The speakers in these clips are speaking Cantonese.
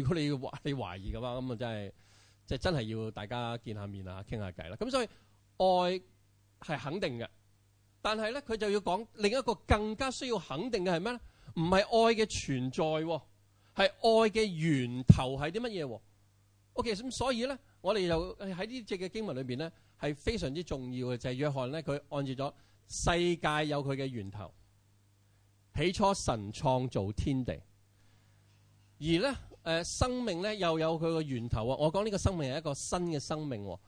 如果你要懷你懷疑嘅話，咁啊真係，即係真係要大家見下面啊，傾下偈啦。咁所以愛係肯定嘅，但係咧佢就要講另一個更加需要肯定嘅係咩咧？唔係愛嘅存在，係愛嘅源頭係啲乜嘢？OK，咁所以咧，我哋就喺呢隻嘅經文裏邊咧，係非常之重要嘅，就係、是、約翰咧，佢按照咗世界有佢嘅源頭，起初神創造天地，而咧。誒生命咧又有佢個源頭啊！我講呢個生命係一個新嘅生命喎，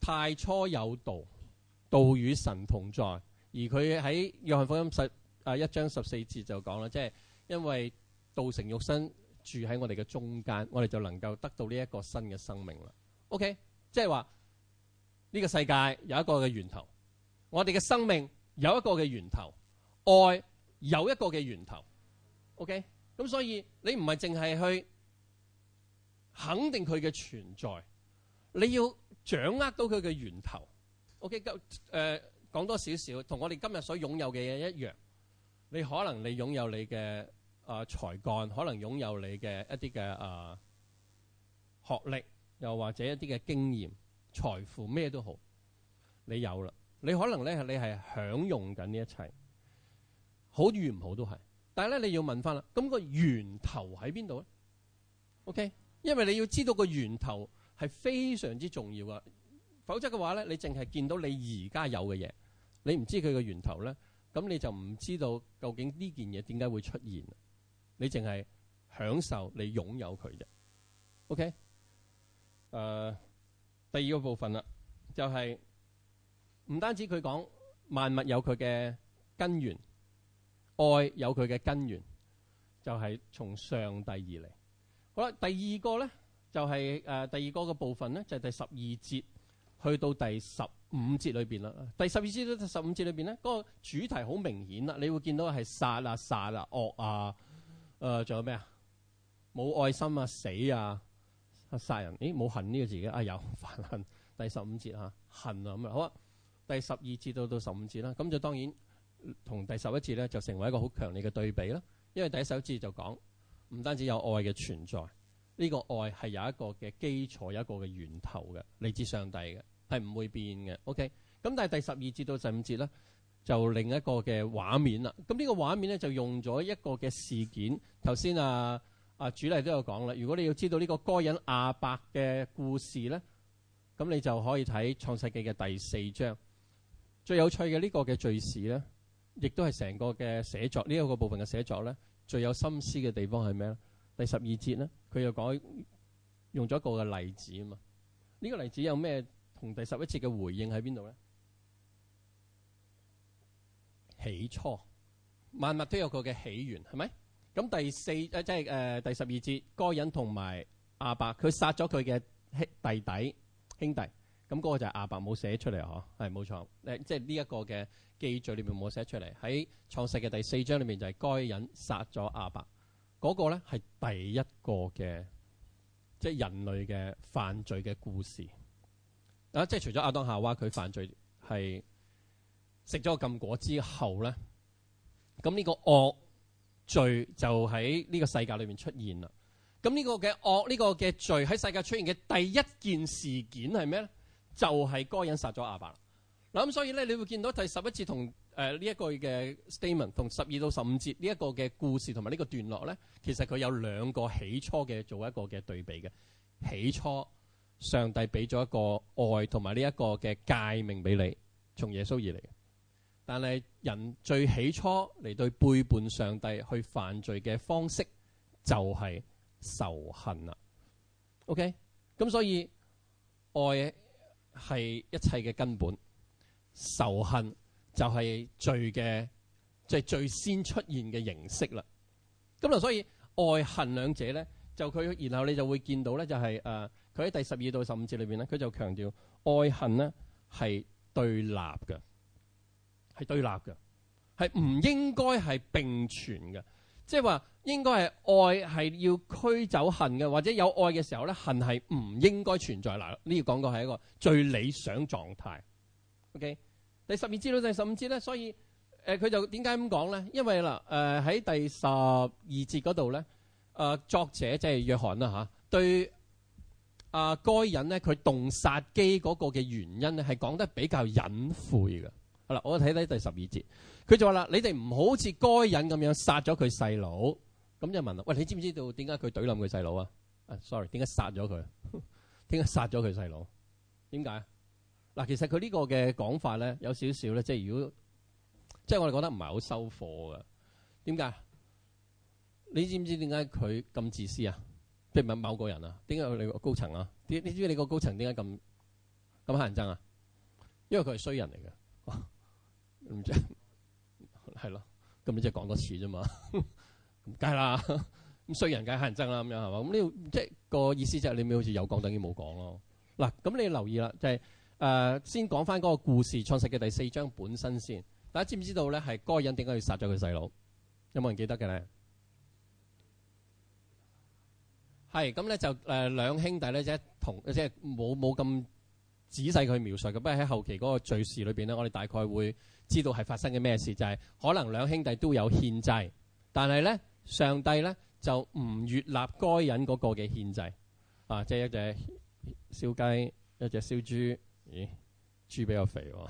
太初有道，道與神同在。而佢喺約翰福音十啊一章十四節就講啦，即係因為道成肉身住喺我哋嘅中間，我哋就能夠得到呢一個新嘅生命啦。OK，即係話呢個世界有一個嘅源頭，我哋嘅生命有一個嘅源頭，愛有一個嘅源頭。OK，咁所以你唔係淨係去肯定佢嘅存在，你要掌握到佢嘅源頭。OK，夠、呃、誒講多少少同我哋今日所擁有嘅嘢一樣，你可能你擁有你嘅啊才幹，可能擁有你嘅一啲嘅啊學歷，又或者一啲嘅經驗財富咩都好，你有啦。你可能咧，你係享用緊呢一切，好與唔好都係，但係咧，你要問翻啦，咁、個源頭喺邊度咧？OK。因為你要知道個源頭係非常之重要啊，否則嘅話咧，你淨係見到你而家有嘅嘢，你唔知佢嘅源頭咧，咁你就唔知道究竟呢件嘢點解會出現。你淨係享受你擁有佢啫。OK，誒，第二個部分啦，就係唔單止佢講萬物有佢嘅根源，愛有佢嘅根源，就係從上帝而嚟。好啦，第二個咧就係、是呃、第二個嘅部分咧，就係、是、第十二節去到第十五節裏面啦。第十二節到第十五節裏面咧，嗰、那個主題好明顯啦。你會見到係殺啊、殺啊、惡啊、誒、呃，仲有咩啊？冇愛心啊、死啊、殺人。咦，冇恨呢個字嘅啊，有犯恨。第十五節啊，恨啊咁啊，好啊。第十二節到到十五節啦，咁就當然同第十一節咧就成為一個好強烈嘅對比啦。因為第十一節就講。唔單止有愛嘅存在，呢、這個愛係有一個嘅基礎，有一個嘅源頭嘅，嚟自上帝嘅，係唔會變嘅。OK，咁但係第十二節到十五節咧，就另一個嘅畫面啦。咁、這、呢個畫面咧就用咗一個嘅事件。頭先啊啊主禮都有講啦。如果你要知道呢個該隱亞伯嘅故事咧，咁你就可以睇創世記嘅第四章。最有趣嘅呢個嘅敘事咧，亦都係成個嘅寫作呢一、這個部分嘅寫作咧。最有心思嘅地方係咩咧？第十二節咧，佢又講用咗一個嘅例子啊嘛。呢、這個例子有咩同第十一節嘅回應喺邊度咧？起初萬物都有佢嘅起源，係咪？咁第四誒，即係誒第十二節，該隱同埋亞伯，佢殺咗佢嘅兄弟弟兄弟，咁、那、嗰個就係亞伯冇寫出嚟呵，係冇錯誒，即係呢一個嘅。記罪裏面冇寫出嚟，喺創世嘅第四章裏面就係該人殺咗亞伯，嗰、那個咧係第一個嘅，即係人類嘅犯罪嘅故事。啊，即係除咗亞當夏娃佢犯罪係食咗禁果之後咧，咁呢個惡罪就喺呢個世界裏面出現啦。咁呢個嘅惡呢個嘅罪喺世界出現嘅第一件事件係咩咧？就係、是、該人殺咗亞伯。嗱咁，所以咧，你會見到第十一節同誒呢一句嘅 statement，同十二到十五節呢一個嘅故事同埋呢個段落咧，其實佢有兩個起初嘅做一個嘅對比嘅起初，上帝俾咗一個愛同埋呢一個嘅誡命俾你，從耶穌而嚟嘅。但係人最起初嚟對背叛上帝去犯罪嘅方式就係仇恨啊，OK，咁所以愛係一切嘅根本。仇恨就係罪嘅，即係最先出現嘅形式啦。咁啦，所以愛恨兩者咧，就佢然後你就會見到咧，就係誒佢喺第十二到十五節裏邊咧，佢就強調愛恨呢係對立嘅，係對立嘅，係唔應該係並存嘅。即係話應該係愛係要驅走恨嘅，或者有愛嘅時候咧，恨係唔應該存在。嗱，呢個講過係一個最理想狀態。OK。第十二節到第十五節咧，所以誒佢、呃、就點解咁講咧？因為啦，誒、呃、喺第十二節嗰度咧，誒、呃、作者即係、就是、約翰啦嚇、啊，對啊、呃、該隱咧，佢動殺機嗰個嘅原因咧，係講得比較隱晦嘅。好啦，我睇睇第十二節，佢就話啦：你哋唔好似該隱咁樣殺咗佢細佬，咁就問啦：喂，你知唔知道點解佢懟冧佢細佬啊？誒，sorry，點解殺咗佢？點 解殺咗佢細佬？點解？嗱，其實佢呢個嘅講法咧，有少少咧，即係如果即係我哋覺得唔係好收貨嘅。點解？你知唔知點解佢咁自私啊？即係某某個人啊？點解佢你個高層啊？你知唔知你個高層點解咁咁乞人憎啊？因為佢係衰人嚟嘅，唔知係咯。咁你呵呵了了的即係講多次啫嘛，唔計啦。咁衰人梗係乞人憎啦，咁樣係嘛？咁呢個即係個意思就係、是、你咪好似有講等於冇講咯。嗱、啊，咁你留意啦，就係、是。誒、呃、先講翻嗰個故事，創世嘅第四章本身先。大家知唔知道咧？係該隱點解要殺咗佢細佬？有冇人記得嘅咧？係咁咧，就誒、呃、兩兄弟咧，即係同即係冇冇咁仔細去描述嘅。不過喺後期嗰個敘事裏邊咧，我哋大概會知道係發生嘅咩事，就係、是、可能兩兄弟都有獻祭，但係咧，上帝咧就唔悅納該隱嗰個嘅獻祭，啊，即係一隻燒雞，一隻燒豬。咦，豬比較肥喎，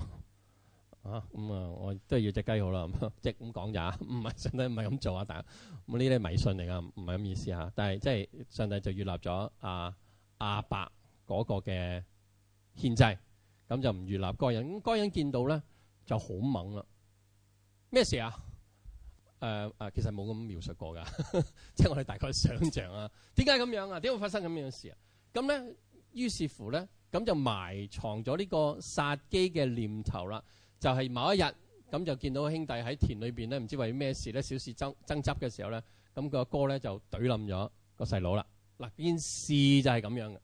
啊咁啊、嗯，我都係要隻雞好啦，即咁講咋，唔係上帝唔係咁做啊，但咁呢啲迷信嚟噶，唔係咁意思嚇。但係即係上帝就預立咗阿阿伯嗰個嘅獻祭，咁就唔預立嗰人。咁、那個、人見到咧就好猛啦，咩事啊？呃、其實冇咁描述過㗎， 即係我哋大概想象啊。點解咁樣啊？點會發生咁樣嘅事啊？咁咧，於是乎咧。咁就埋藏咗呢個殺機嘅念頭啦，就係某一日咁就見到兄弟喺田裏面，咧，唔知為咩事咧，小事爭爭執嘅時候咧，咁個哥咧就懟冧咗個細佬啦。嗱，件事就係咁樣嘅。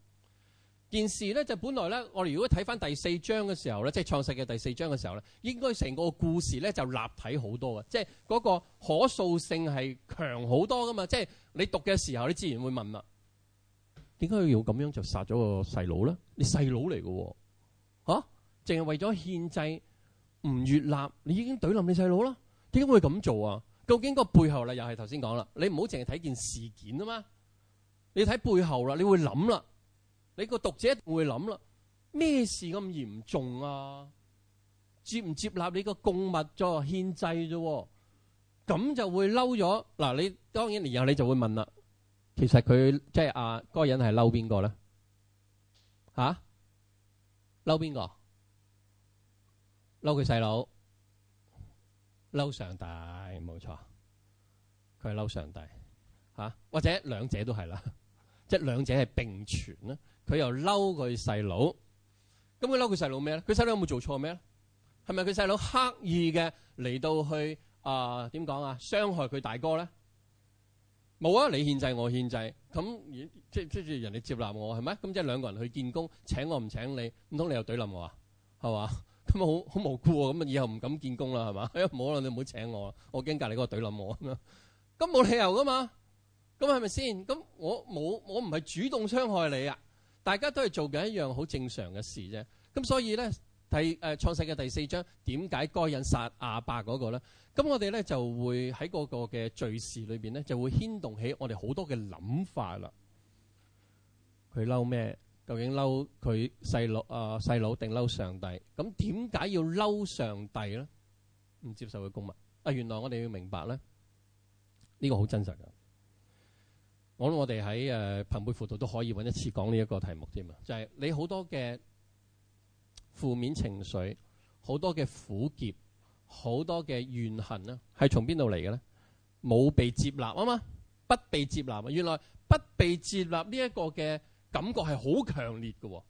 件事咧就本來咧，我哋如果睇翻第四章嘅時候咧，即係創世嘅第四章嘅時候咧，應該成個故事咧就立體好多嘅，即係嗰個可塑性係強好多噶嘛。即係你讀嘅時候，你自然會問啦。點解佢要咁樣就殺咗個細佬咧？你細佬嚟嘅，吓，淨係為咗憲制唔接納，你已經懟冧你細佬啦！點解會咁做啊？究竟個背後咧又係頭先講啦，你唔好淨係睇件事件啊嘛，你睇背後啦，你會諗啦，你個讀者一定會諗啦，咩事咁嚴重啊？接唔接納你個共物作憲制啫，咁就會嬲咗。嗱，你當然然後你就會問啦。其實佢即係阿嗰個人係嬲邊個咧？吓、啊？嬲邊個？嬲佢細佬？嬲上帝？冇錯，佢係嬲上帝。吓、啊？或者兩者都係啦，即係兩者係並存啦。佢又嬲佢細佬，咁佢嬲佢細佬咩咧？佢細佬有冇做錯咩？係咪佢細佬刻意嘅，嚟到去，呃、啊？點講啊？傷害佢大哥咧？冇啊！你限制我限制，咁即即係人哋接納我係咪？咁即係兩個人去見工，請我唔請你，唔通你又懟冧我啊？係嘛？咁好好無辜喎，咁啊以後唔敢見工啦，係嘛？冇好啦，你唔好請我，我，我啊。我驚隔離嗰個懟冧我咁樣。咁冇理由噶嘛？咁係咪先？咁我冇我唔係主動傷害你啊！大家都係做緊一樣好正常嘅事啫。咁所以咧。係誒創世嘅第四章，點解該人殺阿伯嗰個咧？咁我哋咧就會喺嗰個嘅敘事裏邊咧，就會牽動起我哋好多嘅諗法啦。佢嬲咩？究竟嬲佢細佬啊，細佬定嬲上帝？咁點解要嬲上帝咧？唔接受佢公民？啊！原來我哋要明白咧，呢個好真實噶。我我哋喺誒貧輩輔導都可以揾一次講呢一個題目添啊，就係你好多嘅，負面情緒，好多嘅苦澀，好多嘅怨恨啦，係從邊度嚟嘅咧？冇被接納啊嘛，不被接納啊！原來不被接納呢一個嘅感覺係好強烈嘅，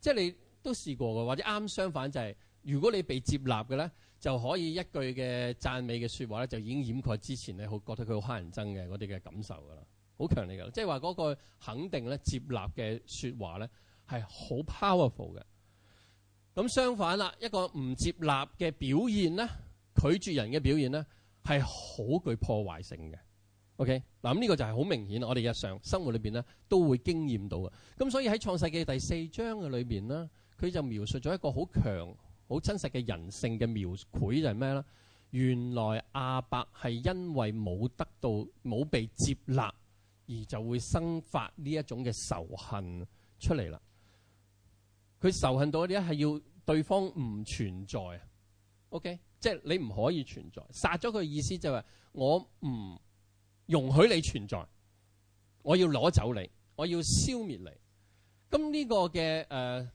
即係你都試過嘅，或者啱相反就係、是，如果你被接納嘅咧，就可以一句嘅讚美嘅説話咧，就已經掩蓋之前咧好覺得佢好乞人憎嘅嗰啲嘅感受噶啦，好強烈嘅，即係話嗰個肯定咧、接納嘅説話咧係好 powerful 嘅。咁相反啦，一個唔接納嘅表現咧，拒絕人嘅表現咧，係好具破壞性嘅。OK，嗱呢個就係好明顯，我哋日常生活裏邊咧都會經驗到嘅。咁所以喺創世記第四章嘅裏邊咧，佢就描述咗一個好強、好真實嘅人性嘅描繪，就係咩咧？原來亞伯係因為冇得到、冇被接納，而就會生發呢一種嘅仇恨出嚟啦。佢仇恨到一啲係要對方唔存在，OK，即係你唔可以存在，殺咗佢意思就係話我唔容許，你存在，我要攞走你，我要消滅你。咁、這、呢個嘅誒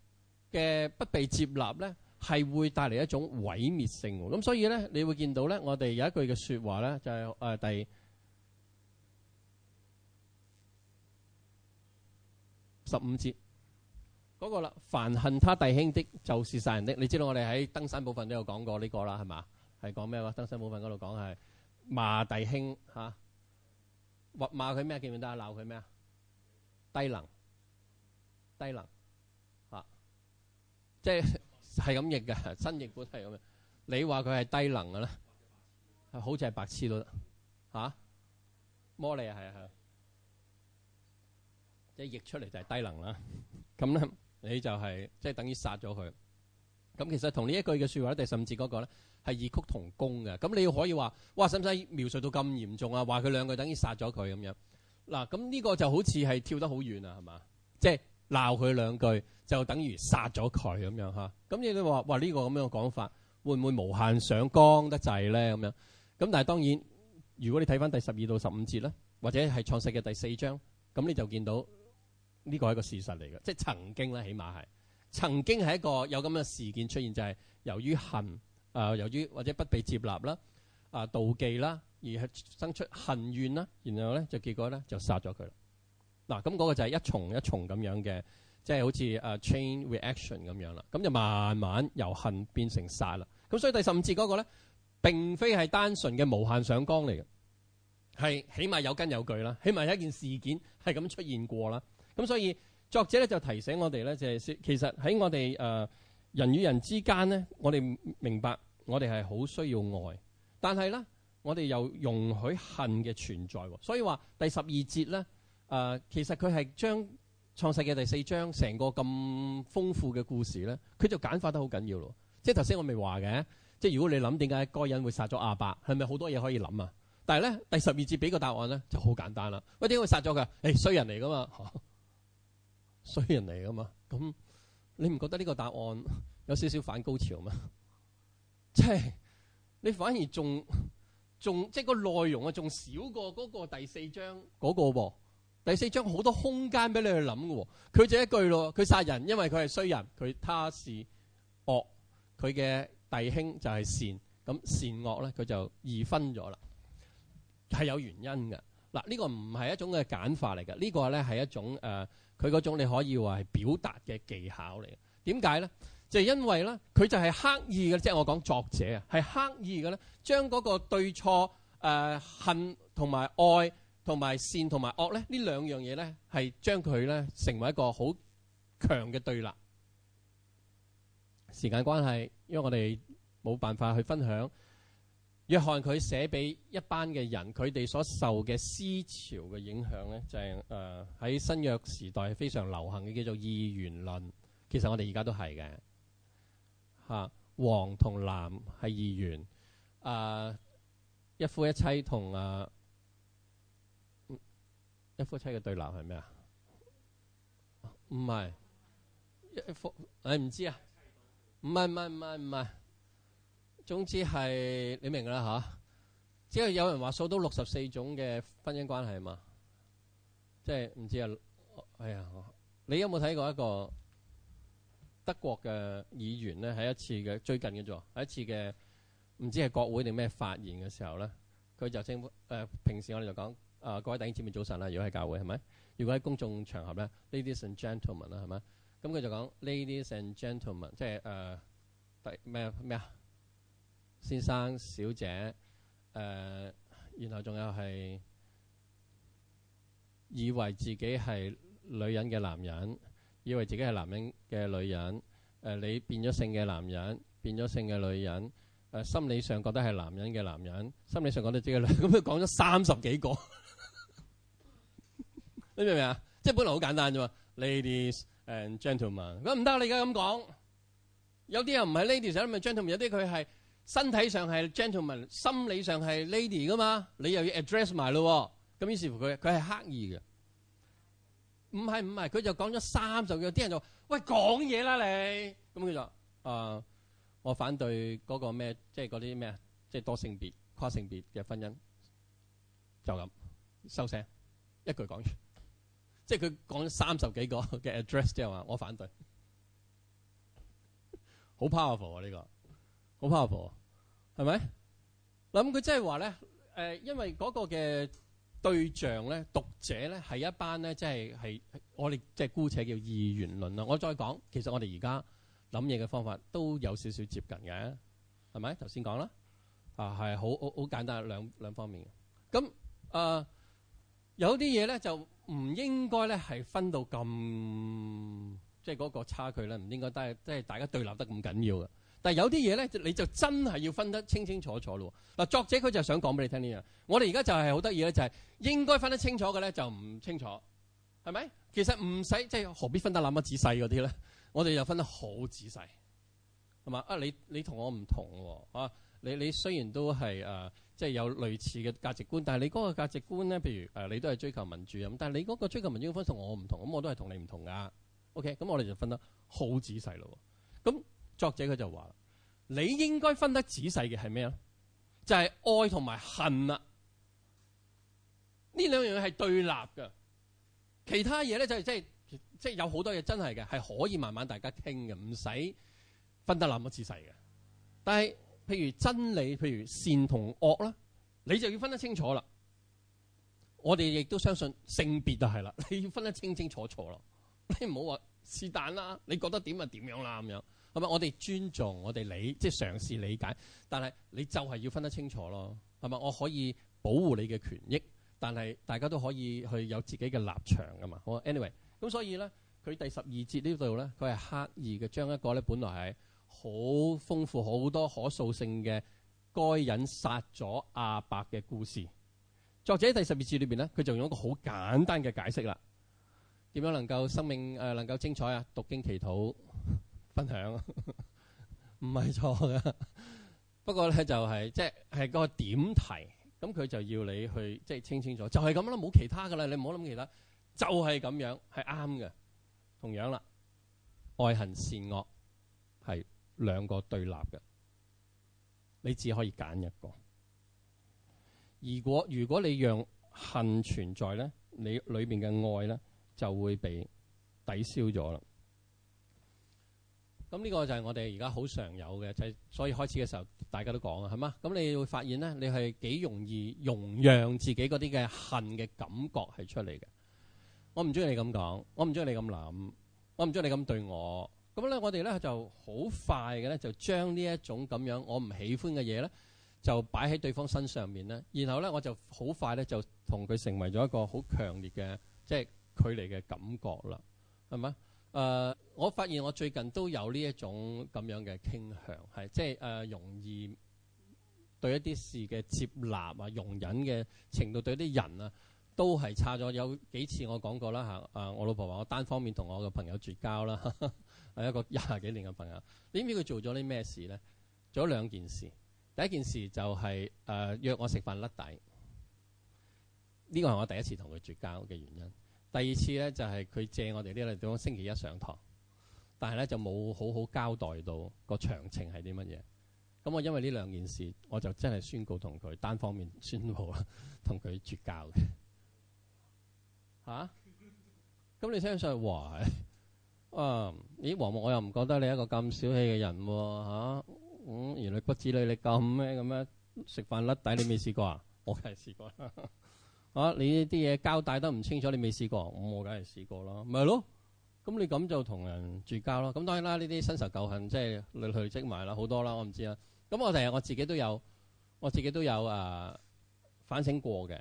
嘅不被接納咧，係會帶嚟一種毀滅性。咁所以咧，你會見到咧，我哋有一句嘅說話咧，就係、是、誒第十五節。嗰個啦，凡恨他弟兄的，就是殺人的。你知道我哋喺登山部分都有講過呢、這個啦，係嘛？係講咩話？登山部分嗰度講係罵弟兄吓？或、啊、罵佢咩？見唔得鬧佢咩啊？低能，低能嚇，即係係咁譯嘅，新譯本係咁嘅。你話佢係低能嘅咧，好似係白痴都得嚇，魔力啊，係啊係，即、就、係、是、譯出嚟就係低能啦。咁、啊、咧。你就係、是、即係等於殺咗佢，咁其實同呢一句嘅說話，第十五節嗰個咧係異曲同工嘅。咁你要可以話，哇，使唔使描述到咁嚴重啊？話佢兩句等於殺咗佢咁樣。嗱，咁呢個就好似係跳得好遠啊，係嘛？即係鬧佢兩句就等於殺咗佢咁樣嚇。咁你你話，哇，呢、這個咁樣嘅講法會唔會無限上綱得滯咧？咁樣。咁但係當然，如果你睇翻第十二到十五節咧，或者係創世嘅第四章，咁你就見到。呢個係一個事實嚟嘅，即係曾經咧，起碼係曾經係一個有咁嘅事件出現，就係、是、由於恨啊、呃，由於或者不被接納啦啊、呃、妒忌啦，而係生出恨怨啦，然後咧就結果咧就殺咗佢啦。嗱、啊，咁、那、嗰個就係一重一重咁樣嘅，即、就、係、是、好似誒 chain reaction 咁樣啦。咁就慢慢由恨變成殺啦。咁所以第十五節嗰個咧並非係單純嘅無限上綱嚟嘅，係起碼有根有據啦，起碼係一件事件係咁出現過啦。咁所以作者咧就提醒我哋咧，就係、是、其實喺我哋誒、呃、人與人之間咧，我哋明白我哋係好需要愛，但係咧我哋又容許恨嘅存在喎。所以話第十二節咧誒、呃，其實佢係將創世嘅第四章成個咁豐富嘅故事咧，佢就簡化得好緊要咯。即係頭先我未話嘅，即係如果你諗點解個人會殺咗亞伯，係咪好多嘢可以諗啊？但係咧第十二節俾個答案咧就好簡單啦。喂點解會殺咗㗎？誒、欸、衰人嚟㗎嘛～ 衰人嚟噶嘛？咁你唔覺得呢個答案有少少反高潮咩？即係你反而仲仲即係個內容啊，仲少過嗰個第四章嗰個噃。第四章好多空間俾你去諗嘅。佢就一句咯，佢殺人，因為佢係衰人，佢他是惡，佢嘅弟兄就係善。咁善惡咧，佢就二分咗啦，係有原因嘅。嗱，呢個唔係一種嘅簡化嚟嘅，呢、這個咧係一種誒，佢、呃、嗰種你可以話係表達嘅技巧嚟嘅。點解咧？就係、是、因為咧，佢就係刻意嘅，即、就、係、是、我講作者啊，係刻意嘅咧，將嗰個對錯、呃、恨同埋愛同埋善同埋惡咧，呢兩樣嘢咧係將佢咧成為一個好強嘅對立。時間關係，因為我哋冇辦法去分享。約翰佢寫俾一班嘅人，佢哋所受嘅思潮嘅影響咧，就係誒，喺新約時代係非常流行嘅叫做二元論。其實我哋而家都係嘅嚇，黃、啊、同藍係二元。誒、啊、一夫一妻同誒、啊、一夫一妻嘅對立係咩啊？唔係一夫，誒唔知啊？唔係唔係唔係唔係。總之係你明啦嚇，只係有人話數到六十四種嘅婚姻關係嘛，即係唔知啊，哎呀，你有冇睇過一個德國嘅議員咧？喺一次嘅最近嘅啫，喺一次嘅唔知係國會定咩發言嘅時候咧，佢就請誒、呃、平時我哋就講誒、呃、各位弟兄姊妹早晨啦，如果喺教會係咪？如果喺公眾場合咧，Ladies and gentlemen 啦係咪？他」咁佢就講 Ladies and gentlemen，即係誒、呃、第咩咩啊？呃先生、小姐，誒，然後仲有係以為自己係女人嘅男人，以為自己係男人嘅女人，誒，你變咗性嘅男人，變咗性嘅女人，誒，心理上覺得係男人嘅男人，心理上覺得自己係女人，咁佢講咗三十幾個，你明唔明啊？即係本來好簡單啫嘛，ladies and gentlemen，咁唔得，你而家咁講，有啲人唔係 ladies，有啲唔係 gentlemen，有啲佢係。身體上係 gentleman，心理上係 lady 噶嘛，你又要 address 埋咯，咁於是乎佢佢係刻意嘅。唔係唔係，佢就講咗三十句，啲人就說，喂，講嘢啦你，咁佢就誒，我反對嗰個咩，即係嗰啲咩啊，即係多性別跨性別嘅婚姻，就咁收聲，一句講完，即係佢講咗三十幾個嘅 address 啫嘛，我反對，好 powerful 啊呢個。好 powerful，係咪？嗱佢即係話咧，誒，因為嗰個嘅對象咧，讀者咧係一班咧，即係係我哋即係姑且叫二元論啦。我再講，其實我哋而家諗嘢嘅方法都有少少接近嘅，係咪？頭先講啦，啊係好好好簡單，兩兩方面嘅。咁誒，有啲嘢咧就唔應該咧係分到咁，即係嗰個差距咧，唔應該都係即係大家對立得咁緊要嘅。但係有啲嘢咧，你就真係要分得清清楚楚咯。嗱，作者佢就係想講俾你聽呢樣。我哋而家就係好得意咧，就係、是、應該分得清楚嘅咧，就唔清楚，係咪？其實唔使即係，就是、何必分得那麼仔細嗰啲咧？我哋又分得好仔細，係嘛？啊，你你我同我唔同喎，啊，你你雖然都係即係有類似嘅價值觀，但係你嗰個價值觀咧，譬如你都係追求民主咁，但係你嗰個追求民主嘅方式我唔同，咁我都係同你唔同噶。OK，咁我哋就分得好仔細咯。咁作者佢就話：你應該分得仔細嘅係咩咧？就係愛同埋恨啦。呢兩樣嘢係對立嘅。其他嘢咧就係即係即係有好多嘢真係嘅，係可以慢慢大家傾嘅，唔使分得那麼仔細嘅。但係譬如真理，譬如善同惡啦，你就要分得清楚啦。我哋亦都相信性別就係啦，你要分得清清楚楚咯。你唔好話是但啦，你覺得點啊？點樣啦？咁樣。咁啊！我哋尊重我哋理，即係嘗試理解。但係你就係要分得清楚咯。係咪我可以保護你嘅權益？但係大家都可以去有自己嘅立場㗎嘛。我 Anyway，咁所以咧，佢第十二節呢度咧，佢係刻意嘅將一個咧本來係好豐富、好多可塑性嘅該隱殺咗亞伯嘅故事，作者喺第十二節裏邊咧，佢就用一個好簡單嘅解釋啦。點樣能夠生命誒、呃、能夠精彩啊？讀經祈禱。分享唔係錯噶，不過咧就係即係個點題，咁佢就要你去即係清清楚，就係咁啦，冇其他噶啦，你唔好諗其他，就係、是，咁樣係啱嘅。同樣啦，愛恨善惡係兩個對立嘅，你只可以揀一個。如果，如果你讓恨存在咧，你裏邊嘅愛咧就會被抵消咗啦。咁呢個就係我哋而家好常有嘅，就係所以開始嘅時候大家都講啊，係嘛？咁你會發現咧，你係幾容易容讓自己嗰啲嘅恨嘅感覺係出嚟嘅。我唔中意你咁講，我唔中意你咁諗，我唔中意你咁對我。咁咧，我哋咧就好快嘅咧，就將呢一種咁樣我唔喜歡嘅嘢咧，就擺喺對方身上面咧。然後咧，我就好快咧就同佢成為咗一個好強烈嘅即係距離嘅感覺啦，係咪？誒、呃，我發現我最近都有呢一種咁樣嘅傾向，係即係誒、呃、容易對一啲事嘅接納啊、容忍嘅程度，對啲人啊都係差咗。有幾次我講過啦嚇，啊我老婆話我單方面同我個朋友絕交啦，係一個廿幾年嘅朋友。你知唔知佢做咗啲咩事咧？做咗兩件事。第一件事就係、係、誒、呃、約我食飯甩底，呢個係我第一次同佢絕交嘅原因。第二次咧就係佢借我哋呢個地方星期一上堂，但係咧就冇好好交代到個詳情係啲乜嘢。咁我因為呢兩件事，我就真係宣告同佢單方面宣布同佢絕交嘅嚇。咁、啊、你相信去哇，啊咦，黃牧我又唔覺得你係一個咁小氣嘅人喎、啊、嗯、啊，原來骨子裏你咁咩咁樣？食飯甩底你未試過啊？ 我梗係試過啦。啊！你呢啲嘢交代得唔清楚？你未試過，咁、嗯、我梗係試過啦，咪、就、係、是、咯。咁你咁就同人絕交咯。咁當然啦，呢啲新仇舊恨即係累累積埋啦，好多啦，我唔知呀。咁我成日我自己都有，我自己都有誒、啊、反省過嘅。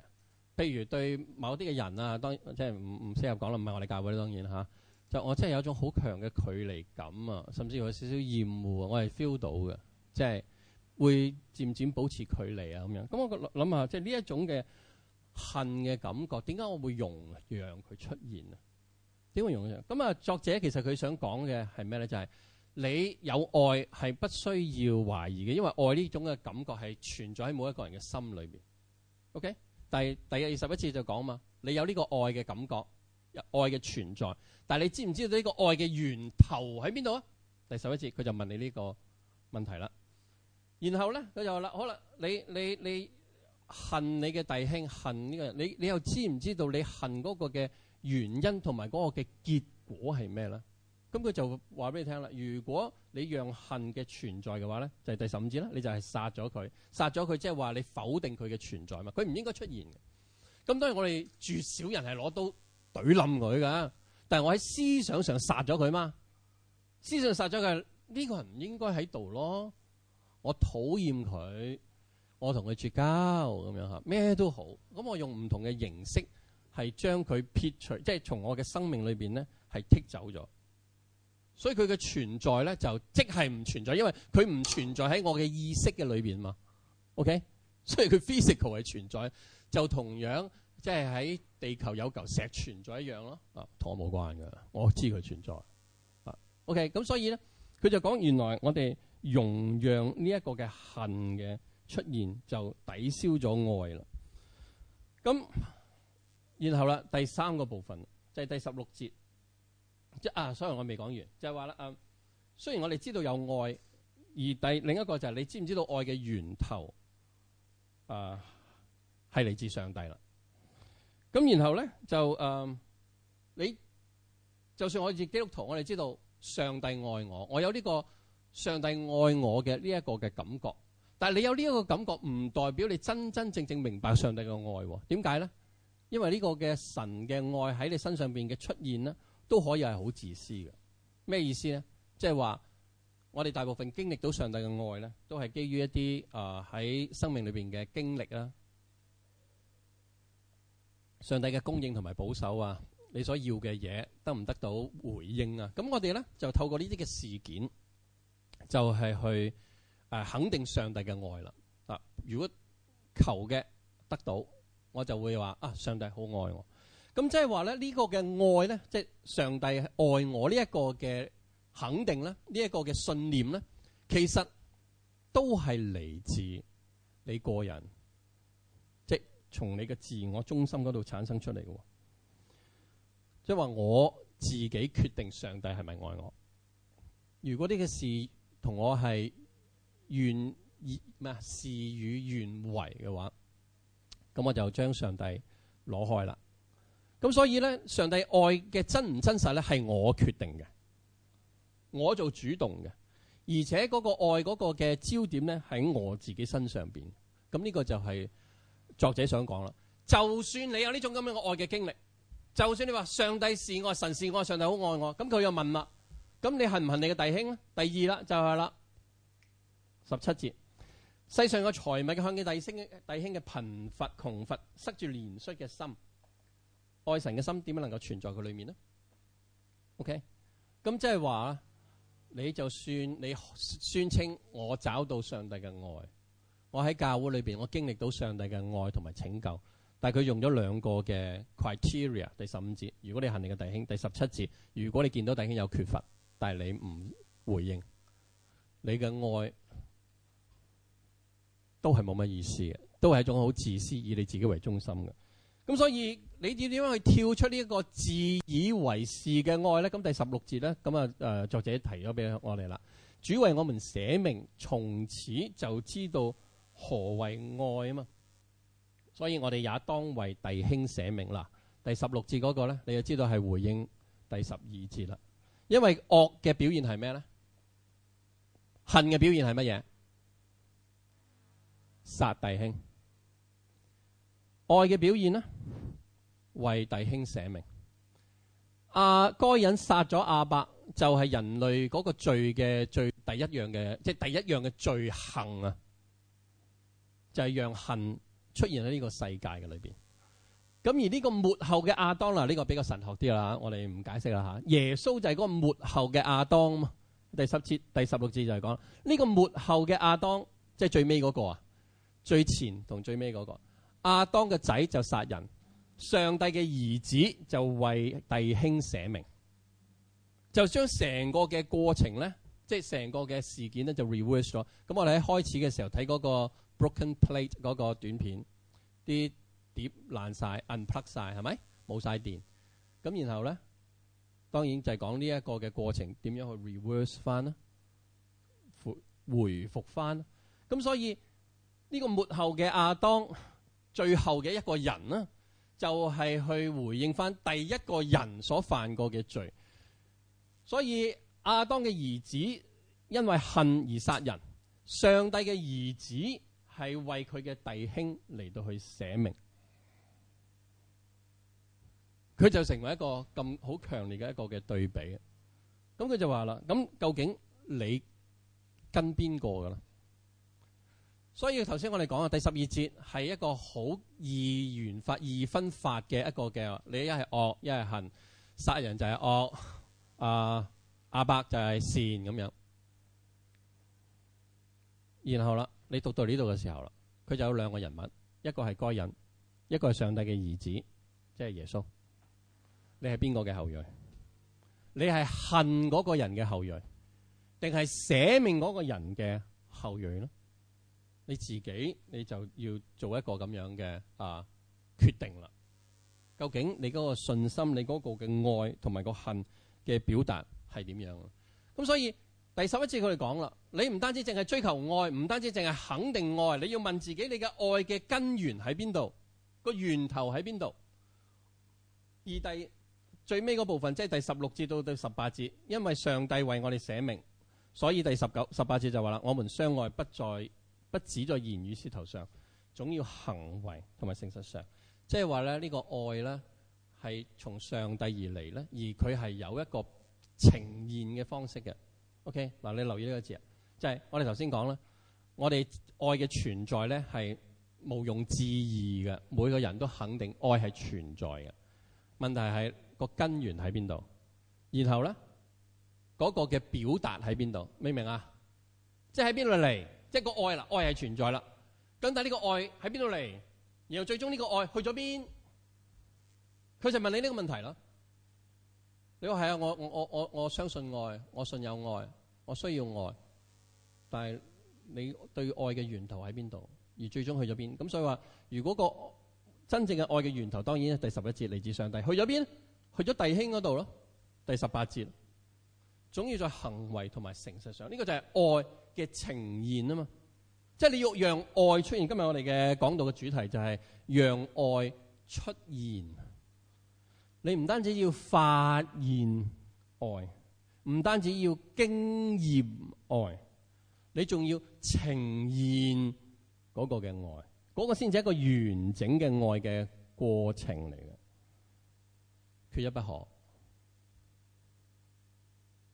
譬如對某啲嘅人啊，當然即係唔唔適合講啦，唔係我哋教會當然吓，就我真係有一種好強嘅距離感啊，甚至有少少厭惡啊，我係 feel 到嘅，即係會漸漸保持距離啊，咁樣。咁我諗下，即係呢一種嘅。恨嘅感覺，點解我會容讓佢出現啊？點會容讓？咁啊，作者其實佢想講嘅係咩咧？就係、是、你有愛係不需要懷疑嘅，因為愛呢種嘅感覺係存在喺每一個人嘅心裏面。OK，但第二十一節就講嘛，你有呢個愛嘅感覺，愛嘅存在，但係你知唔知道呢個愛嘅源頭喺邊度啊？第十一節佢就問你呢個問題啦。然後咧，佢就話啦，好啦你你你。你你恨你嘅弟兄，恨呢個人你，你又知唔知道你恨嗰個嘅原因同埋嗰個嘅結果係咩咧？咁佢就話俾你聽啦。如果你讓恨嘅存在嘅話咧，就係、是、第十五節啦。你就係殺咗佢，殺咗佢即係話你否定佢嘅存在嘛。佢唔應該出現嘅。咁當然我哋絕少人係攞刀懟冧佢嘅，但係我喺思想上殺咗佢嘛。思想上殺咗佢，呢、這個人唔應該喺度咯。我討厭佢。我同佢絕交咁樣吓，咩都好，咁我用唔同嘅形式係將佢撇除，即係從我嘅生命裏面咧係剔走咗，所以佢嘅存在咧就即係唔存在，因為佢唔存在喺我嘅意識嘅裏面嘛。OK，所以佢 physical 嘅存在，就同樣即係喺地球有嚿石存在一樣咯。啊，同我冇關㗎，我知佢存在。啊，OK，咁所以咧，佢就講原來我哋容讓呢一個嘅恨嘅。出現就抵消咗愛啦。咁，然後啦，第三個部分就係第十六節，即係啊，雖然我未講完，就係話啦，雖然我哋知道有愛，而第另一個就係你知唔知道愛嘅源頭？誒，係嚟自上帝啦。咁然後咧就誒你就算我哋基督徒，我哋知道上帝愛我，我有呢個上帝愛我嘅呢一個嘅感覺。但係你有呢一個感覺，唔代表你真真正正明白上帝嘅愛喎？點解呢？因為呢個嘅神嘅愛喺你身上邊嘅出現咧，都可以係好自私嘅。咩意思呢？即係話我哋大部分經歷到上帝嘅愛呢，都係基於一啲啊喺生命裏邊嘅經歷啦。上帝嘅供應同埋保守啊，你所要嘅嘢得唔得到回應啊？咁我哋呢，就透過呢啲嘅事件，就係去。誒，肯定上帝嘅愛啦。如果求嘅得到，我就會話啊，上帝好愛我。咁即係話咧，呢個嘅愛咧，即係上帝愛我呢一個嘅肯定咧，呢一個嘅信念咧，其實都係嚟自你個人，即係從你嘅自我中心嗰度產生出嚟嘅。即係話我自己決定上帝係咪愛我？如果呢個事同我係，願咩事與願違嘅話，咁我就將上帝攞開啦。咁所以咧，上帝愛嘅真唔真實咧，係我決定嘅，我做主動嘅，而且嗰個愛嗰個嘅焦點咧喺我自己身上邊。咁呢個就係作者想講啦。就算你有呢種咁樣嘅愛嘅經歷，就算你話上帝是愛，神是愛，上帝好愛我，咁佢又問啦，咁你恨唔恨你嘅弟兄？第二啦就係啦。十七節，世上有財物嘅向嘅弟兄弟兄嘅貧乏窮乏，乏，塞住憐恤嘅心，愛神嘅心點樣能夠存在佢裏面呢？OK 咁即係話，你就算你宣稱我找到上帝嘅愛，我喺教會裏邊，我經歷到上帝嘅愛同埋拯救，但係佢用咗兩個嘅 criteria。第十五節，如果你恨你嘅弟兄；第十七節，如果你見到弟兄有缺乏，但係你唔回應你嘅愛。都係冇乜意思嘅，都係一種好自私、以你自己為中心嘅。咁所以你點點樣去跳出呢一個自以為是嘅愛呢？咁第十六節呢，咁啊誒作者提咗俾我哋啦。主為我們捨命，從此就知道何為愛啊嘛。所以我哋也當為弟兄捨命嗱。第十六節嗰個呢，你就知道係回應第十二節啦。因為惡嘅表現係咩呢？恨嘅表現係乜嘢？殺弟兄，愛嘅表現呢，為弟兄捨命。阿、啊、該隱殺咗阿伯，就係、是、人類嗰個罪嘅最第一樣嘅，即、就、係、是、第一樣嘅罪行，啊，就係、是、讓恨出現喺呢個世界嘅裏邊。咁而呢個末後嘅亞當啦，呢、這個比較神學啲啦，我哋唔解釋啦吓。耶穌就係嗰個末後嘅亞當嘛。第十節第十六節就係講呢個末後嘅亞當，即、就、係、是、最尾嗰個啊。最前同最尾嗰、那個亞當嘅仔就殺人，上帝嘅兒子就為弟兄捨命，就將成個嘅過程咧，即係成個嘅事件咧就 reverse 咗。咁我哋喺開始嘅時候睇嗰個 broken plate 嗰個短片，啲碟爛晒、unplug 晒，係咪冇晒電？咁然後咧，當然就係講呢一個嘅過程點樣去 reverse 翻啦，回復翻。咁所以。呢個末後嘅亞當，最後嘅一個人呢，就係、是、去回應翻第一個人所犯過嘅罪。所以亞當嘅兒子因為恨而殺人，上帝嘅兒子係為佢嘅弟兄嚟到去捨命，佢就成為一個咁好強烈嘅一個嘅對比。咁佢就話啦：咁究竟你跟邊個噶啦？所以頭先我哋講嘅第十二節係一個好二元法、二分法嘅一個嘅。你一係惡，一係恨，殺人就係惡，阿、啊、亞伯就係善咁樣。然後啦，你讀到呢度嘅時候啦，佢就有兩個人物，一個係該人，一個係上帝嘅兒子，即、就、係、是、耶穌。你係邊個嘅後裔？你係恨嗰個人嘅後裔，定係捨命嗰個人嘅後裔呢？你自己你就要做一個咁樣嘅啊決定啦。究竟你嗰個信心、你嗰個嘅愛同埋個恨嘅表達係點樣？咁所以第十一節佢哋講啦，你唔單止淨係追求愛，唔單止淨係肯定愛，你要問自己你嘅愛嘅根源喺邊度，個源頭喺邊度。而第最尾嗰部分即係、就是、第十六節到第十八節，因為上帝為我哋寫明，所以第十九、十八節就話啦，我們相愛不再。不止在言語舌頭上，總要行為同埋誠實上，即係話咧呢個愛咧係從上帝而嚟咧，而佢係有一個呈現嘅方式嘅。OK，嗱你留意呢個字啊，即係我哋頭先講啦，我哋愛嘅存在咧係毋庸置疑嘅，每個人都肯定愛係存在嘅。問題係個根源喺邊度，然後咧嗰個嘅表達喺邊度？明唔明啊？即係喺邊度嚟？即係個愛啦，愛係存在啦。咁但係呢個愛喺邊度嚟？然後最終呢個愛去咗邊？佢就問你呢個問題啦。你話係啊，我我我我我相信愛，我信有愛，我需要愛。但係你對愛嘅源頭喺邊度？而最終去咗邊？咁所以話，如果個真正嘅愛嘅源頭當然係第十一節嚟自上帝。去咗邊？去咗弟兄嗰度咯。第十八節，總要在行為同埋誠實上。呢個就係愛。嘅呈現啊嘛，即係你要讓愛出現。今日我哋嘅講道嘅主題就係讓愛出現。你唔單止要發現愛，唔單止要經驗愛，你仲要呈現嗰個嘅愛，嗰個先至係一個完整嘅愛嘅過程嚟嘅，缺一不可。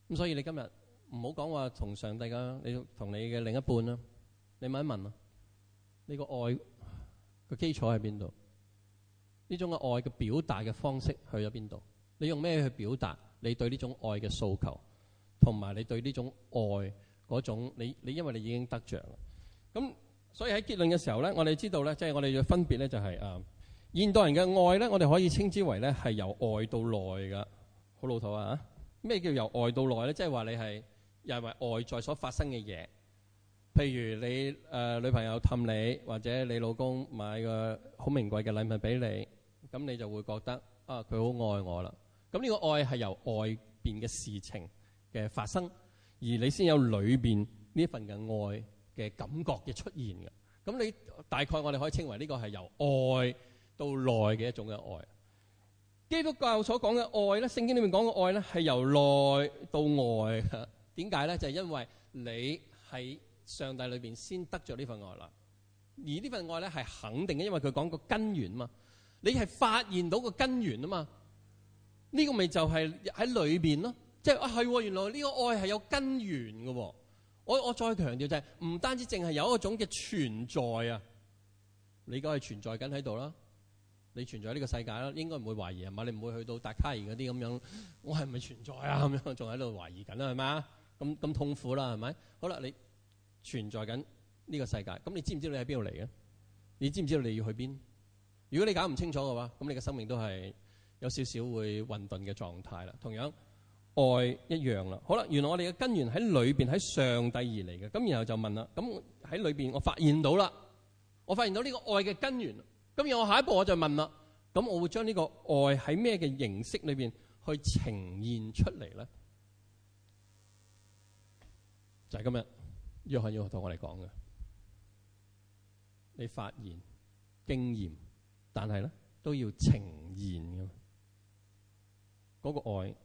咁所以你今日。唔好講話同上帝㗎。你同你嘅另一半啦。你問一問啊，你個愛嘅基礎喺邊度？呢種嘅愛嘅表達嘅方式去咗邊度？你用咩去表達你對呢種愛嘅訴求，同埋你對呢種愛嗰種你你因為你已經得着啦。咁所以喺結論嘅時候咧，我哋知道咧，即係我哋嘅分別咧，就係啊現代人嘅愛咧，我哋可以稱之為咧係由愛到內噶。好老土啊！咩叫由愛到內咧？即係話你係。又係外在所發生嘅嘢，譬如你誒、呃、女朋友氹你，或者你老公買個好名貴嘅禮物俾你，咁你就會覺得啊，佢好愛我啦。咁呢個愛係由外邊嘅事情嘅發生，而你先有裏邊呢份嘅愛嘅感覺嘅出現嘅。咁你大概我哋可以稱為呢個係由愛到內嘅一種嘅愛。基督教所講嘅愛咧，聖經裡面講嘅愛咧，係由內到外嘅。點解咧？就係、是、因為你喺上帝裏面先得咗呢份愛啦，而呢份愛咧係肯定嘅，因為佢講個根源啊嘛。你係發現到個根源啊嘛，呢、這個咪就係喺裏面咯。即、就、係、是、啊，係原來呢個愛係有根源嘅。我我再強調就係、是、唔單止淨係有一種嘅存在啊，你而家梗係存在緊喺度啦，你存在呢個世界啦，應該唔會懷疑係嘛？你唔會去到達卡爾嗰啲咁樣，我係唔係存在啊？咁樣仲喺度懷疑緊啦，係嘛？咁咁痛苦啦，係咪？好啦，你存在緊呢個世界，咁你知唔知你喺邊度嚟嘅？你知唔知道你要去邊？如果你搞唔清楚嘅話，咁你嘅生命都係有少少會混沌嘅狀態啦。同樣愛一樣啦。好啦，原來我哋嘅根源喺裏面，喺上帝而嚟嘅，咁然後就問啦。咁喺裏面我發現到啦，我發現到呢個愛嘅根源。咁然後我下一步我就問啦，咁我會將呢個愛喺咩嘅形式裏面去呈現出嚟咧？就係今日，約翰約翰同我哋講嘅，你發現經驗，但係咧都要呈現嘅，嗰、那個愛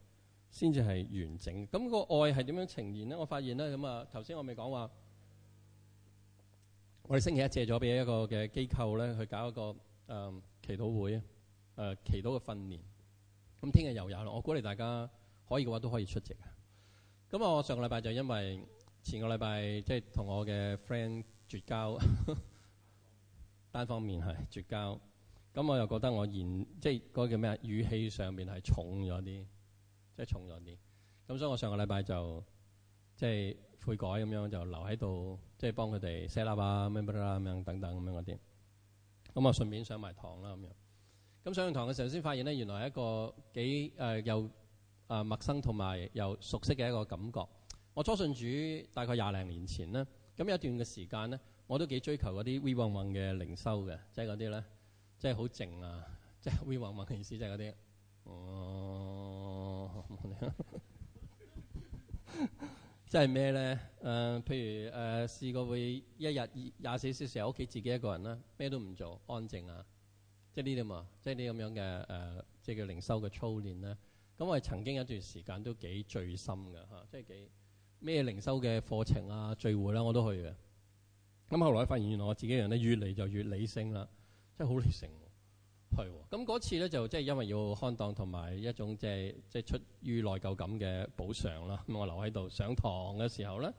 先至係完整的。咁、那個愛係點樣呈現咧？我發現咧，咁啊頭先我咪講話，我哋星期一借咗俾一個嘅機構咧，去搞一個誒、呃、祈禱會啊，誒、呃、祈禱嘅訓練。咁聽日又有啦，我估你大家可以嘅話都可以出席啊。咁我上個禮拜就因為。前個禮拜即係同我嘅 friend 絕交， 單方面係絕交。咁我又覺得我言即係嗰個叫咩啊？語氣上面係重咗啲，即係重咗啲。咁所以我上個禮拜就即係悔改咁樣，就留喺度，即係幫佢哋 set up 啊、乜乜啦、咁樣等等咁樣嗰啲。咁我順便上埋堂啦咁樣。咁上完堂嘅時候，先發現咧，原來係一個幾誒又誒陌生同埋又熟悉嘅一個感覺。我初信主大概廿零年前啦。咁有一段嘅時間咧，我都幾追求嗰啲 we 忘忘嘅靈修嘅，即係嗰啲咧，即係好靜啊，即係 we 忘忘嘅意思，即係嗰啲，哦， 即係咩咧？誒、呃，譬如誒，試、呃、過會一日廿四小時喺屋企自己一個人啦，咩都唔做，安靜啊，即係呢啲嘛，即係啲咁樣嘅誒、呃，即係叫靈修嘅操練啦、啊。咁我係曾經有段時間都幾醉心嘅嚇、啊，即係幾咩靈修嘅課程啊、聚會啦，我都去嘅。咁後來咧，發現原來我自己人咧越嚟就越理性啦，真係好理性。去咁嗰次咧，就即係因為要看檔同埋一種即係即係出於內疚感嘅補償啦。咁我留喺度上堂嘅時候咧，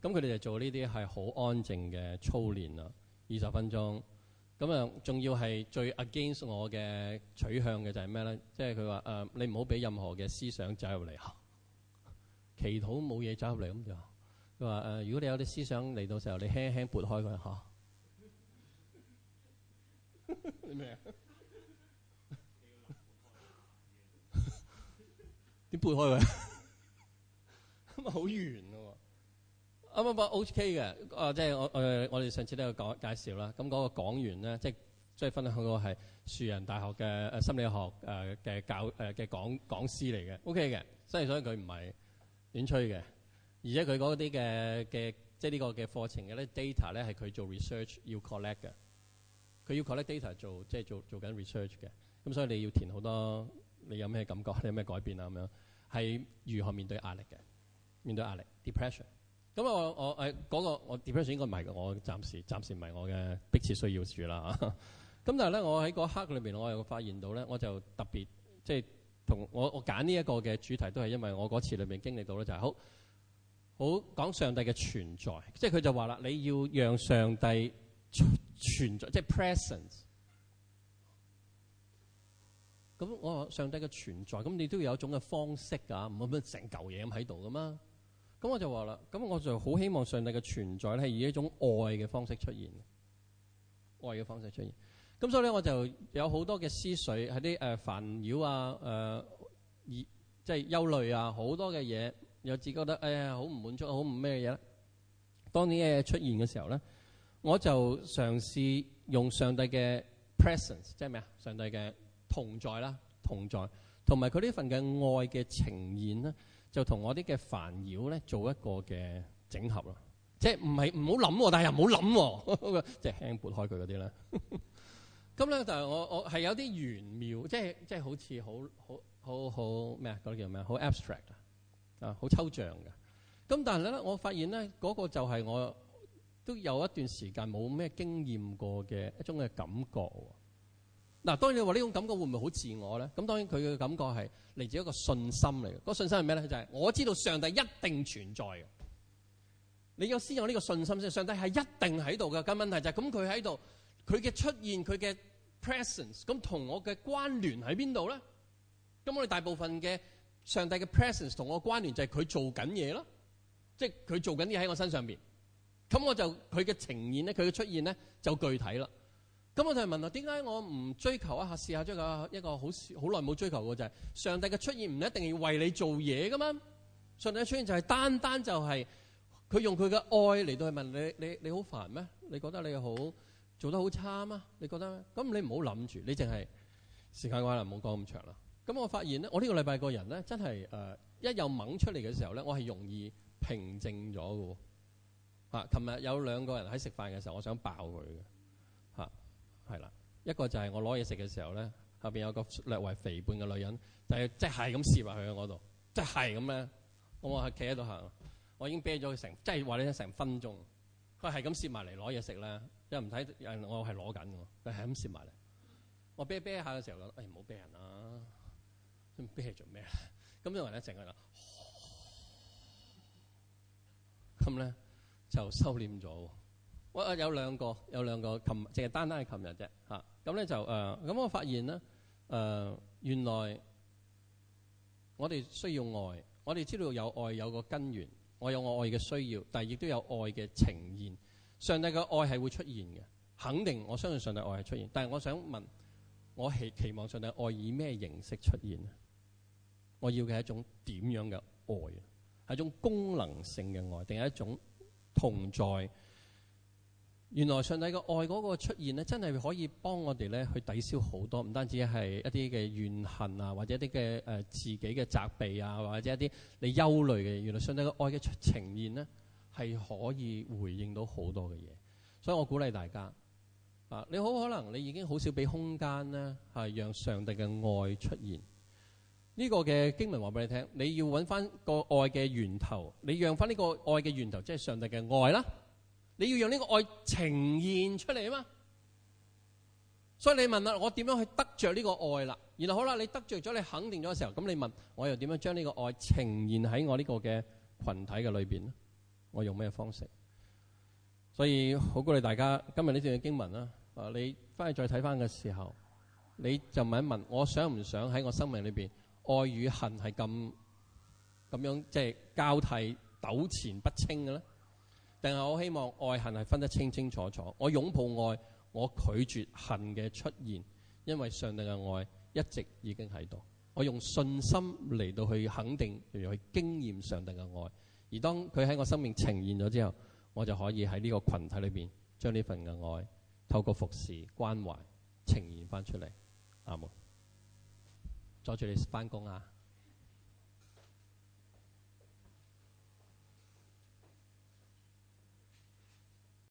咁佢哋就做呢啲係好安靜嘅操練啦，二十分鐘。咁啊，仲要係最 against 我嘅取向嘅就係咩咧？即係佢話誒，你唔好俾任何嘅思想走入嚟。祈禱冇嘢走入嚟，咁就佢話如果你有啲思想嚟到時候，你輕輕撥開佢吓。咩啊？點撥開佢？咁咪 好遠咯，啊 okay？啊唔唔，O K 嘅啊，即、就、係、是呃、我誒我哋上次都有講介紹啦。咁嗰個講員咧，即係即係分享嗰個係樹仁大學嘅誒、呃、心理學誒嘅教誒嘅、呃、講講師嚟嘅，O K 嘅，所以所以佢唔係。亂吹嘅，而且佢嗰啲嘅嘅，即係呢個嘅課程嘅咧，data 咧係佢做 research 要 collect 嘅，佢要 collect data 做即係做做緊 research 嘅，咁所以你要填好多，你有咩感覺，你有咩改變啊咁樣，係如何面對壓力嘅，面對壓力 depression。咁啊我、嗰個、我個我 depression 應該唔係我暫時暫時唔係我嘅迫切需要住啦，咁但係咧，我喺嗰刻裏邊我又發現到咧，我就特別即係同我我揀呢一個嘅主題都係因為我嗰次裏面經歷到咧就係、是、好好講上帝嘅存在，即係佢就話啦，你要讓上帝存在，即係 presence。咁我話上帝嘅存在，咁你都要有一種嘅方式㗎，唔好變成嚿嘢咁喺度㗎嘛。咁我就話啦，咁我就好希望上帝嘅存在咧係以一種愛嘅方式出現，愛嘅方式出現。咁所以咧，我就有好多嘅思緒喺啲誒煩擾啊，誒、呃，即係憂慮啊，好多嘅嘢，我自己覺得誒好唔滿足，好唔咩嘢咧。當呢啲嘢出現嘅時候咧，我就嘗試用上帝嘅 presence，即係咩啊？上帝嘅同在啦，同在，同埋佢呢份嘅愛嘅呈現咧，就同我啲嘅煩擾咧做一個嘅整合咯。即係唔係唔好諗，但係又唔好諗，即 係輕撥開佢嗰啲咧。 咁咧就係我我係有啲玄妙，即係即係好似好好好好咩啊？嗰啲叫咩？好 abstract 啊，好抽象嘅。咁但係咧，我發現咧嗰、嗰個就係我都有一段時間冇咩經驗過嘅一種嘅感覺。嗱，當然你話呢種感覺會唔會好自我咧？咁當然佢嘅感覺係嚟自一個信心嚟嘅。嗰個信心係咩咧？就係、係、我知道上帝一定存在嘅。你有先有呢個信心先，上帝係一定喺度嘅。咁、那、係、個、問題就係咁，佢喺度。佢嘅出現，佢嘅 presence，咁同我嘅關聯喺邊度咧？咁我哋大部分嘅上帝嘅 presence 同我關聯就係佢做緊嘢咯，即係佢做緊啲嘢喺我身上面。咁我就佢嘅呈現咧，佢嘅出現咧就具體啦。咁我就問啦：點解我唔追求一下？試下，試追求下將一個好好耐冇追求嘅就係上帝嘅出現，唔一定要為你做嘢噶嘛？上帝嘅出現就係單單就係佢用佢嘅愛嚟到去問你：你你好煩咩？你覺得你好？做得好差嗎？你覺得咧？咁你唔好諗住，你淨係時間嘅話，唔好講咁長啦。咁我發現咧，我呢個禮拜個人咧，真係誒、呃、一有掹出嚟嘅時候咧，我係容易平靜咗嘅喎。嚇、啊！琴日有兩個人喺食飯嘅時候，我想爆佢嘅嚇，係、啊、啦。一個就係我攞嘢食嘅時候咧，後邊有一個略為肥胖嘅女人，就係即係咁攝入去我度，即係咁咧。我係企喺度行，我已經啤咗佢成，即係話你成分鐘。佢係咁攝埋嚟攞嘢食咧，又唔睇，又我係攞緊嘅，佢係咁攝埋嚟。我啤啤下嘅時候，覺得誒唔好啤人啊，咁啤做咩咧？咁有人咧靜下啦，咁咧 就收斂咗。我有兩個，有兩個，琴日淨係單單係琴日啫嚇。咁咧就誒，咁、呃、我發現咧誒、呃，原來我哋需要愛，我哋知道有愛有個根源。我有我愛嘅需要，但係亦都有愛嘅呈現。上帝嘅愛係會出現嘅，肯定我相信上帝愛係出現嘅。但係我想問，我期期望上帝愛以咩形式出現咧？我要嘅係一種點樣嘅愛？係一種功能性嘅愛，定係一種同在？原來上帝嘅愛嗰個出現咧，真係可以幫我哋咧去抵消好多，唔單止係一啲嘅怨恨啊，或者一啲嘅誒自己嘅責備啊，或者一啲你憂慮嘅。原來上帝嘅愛嘅呈現咧，係可以回應到好多嘅嘢。所以我鼓勵大家啊，你好可能你已經好少俾空間咧，係讓上帝嘅愛出現。呢個嘅經文話俾你聽，你要揾翻個愛嘅源頭，你讓翻呢個愛嘅源頭，即係上帝嘅愛啦。你要用呢個愛呈現出嚟啊嘛，所以你問啦，我點樣去得着呢個愛啦？然後好啦，你得着咗，你肯定咗嘅時候，咁你問我又點樣將呢個愛呈現喺我呢個嘅群體嘅裏邊咧？我用咩方式？所以好鼓勵大家今日呢段經文啦。啊，你翻去再睇翻嘅時候，你就問一問，我想唔想喺我生命裏邊愛與恨係咁咁樣即係、就是、交替糾纏不清嘅咧？定係我希望愛恨係分得清清楚楚。我擁抱愛，我拒絕恨嘅出現，因為上帝嘅愛一直已經喺度。我用信心嚟到去肯定，而去經驗上帝嘅愛。而當佢喺我生命呈現咗之後，我就可以喺呢個群體裏邊，將呢份嘅愛透過服侍、關懷呈現翻出嚟。阿門。阻住你翻工啊！